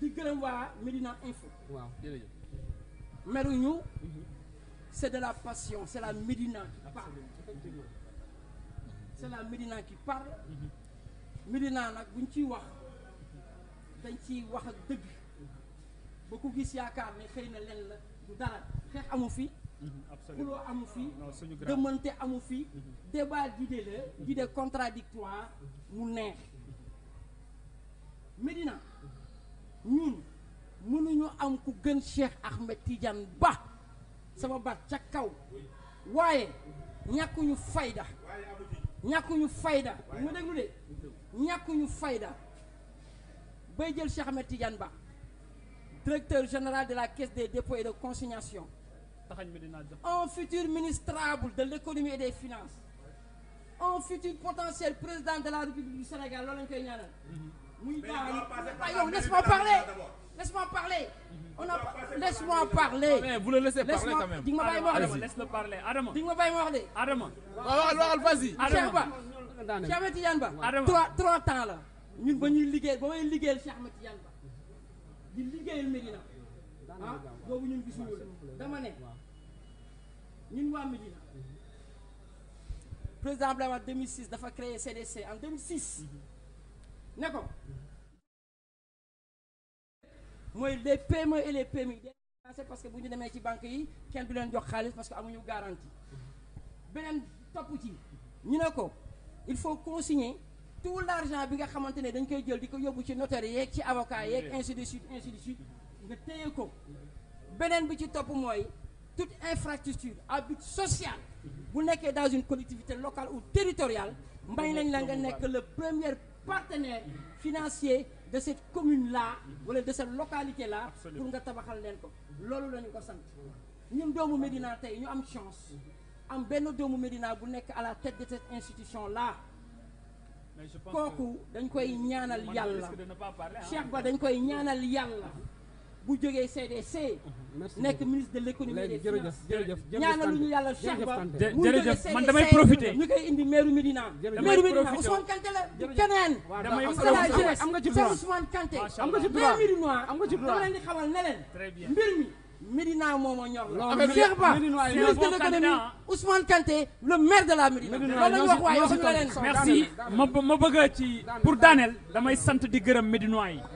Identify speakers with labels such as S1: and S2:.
S1: di gërëm waa Médina Info. waaw jërëjëf. meruñu. c' de la passion c' la Médina qui parle. c' la Médina qui parle. Médina nag buñ ci wax dañ ciy wax ak dëgg ba ku gis yaakaar ne xëy na leen la du dara xeex amu fi. Mhm, xuloo amu fi dëmante amu fi mhm. débat d'idées la d'idées contradictoire mu neex Médina mhm. ñun mënuñu am ku gën Cheikh Ahmed Tidiane Ba sama baat ca kaw waaye ñàkkuñu fayda ñàkkuñu fayda ma déglu de ñàkkuñu fayda bay jël Cheikh Ahmed tijan Ba directeur général de la caisse des dépôts et de consignation un futur ministrable de l'économie et des finance un futur potentiel président de la République du Sénégal loolu lañ koy ñaanal Oui, bah, laisse-moi parler. Laisse-moi parler. On a... Laisse-moi parler. Ah, mais vous le laissez parler quand même. Dis-moi pas parler. Laisse-le Adama. Dis-moi pas parler. Adama. Waxal waxal vas Ba. Trois trois la. ñun ba ñuy liggéey ba may liggéeyal Cheikh Ahmed Tidiane Ba. Di liggéeyal Medina. Ah boobu ñun gisuñu dama ne ñun waa Medina. Président Abdoulaye Wade 2006 dafa créer CDC en 2006. ne ko mooy les PME et les parce que bu ñu demee ci banque yi kenn du leen jox xaalis parce que amuñu garantie beneen topp ci ñu ne ko il faut consigner tout l' argent bi nga xamante ne dañ koy jël di ko yóbbu ci notaire yeeg ci avocat yeeg ainsi de suite ainsi de suite nga téye ko beneen bi ci topp mooy toute infrastructure à but social bu nekkee dans une collectivité locale ou territoriale mbay lañ la nga nekk le premier partenaire financier de cette commune-là wala de cette localité-là pour nga tabaxal leen ko loolu lañu ko sant ñun doomu Médina tey ñu am chance am benn doomu Médina bu nekk à la tête de cette institution-là kooku dañ koy ñaanal yàlla Cheikh Ba dañ koy ñaanal yàlla bu jógee CDC. Mhm. nekk ministre de l' économie et des finances. jërëjëf jërëjëf ñaanaluñu yàlla Cheikh Ba. jërëjëf man damay profité ñu koy indi maire Médina. maire Médina Ousmane Kanté la keneen. damay am nga ci droit Ousmane Kanté. am nga ci droit maire Médina de l' la Médina. loolu la ñu wax waaye waxuñu la leen. merci ma ma bëgg ci pour daaneel damay sant di gërëm Médinois yi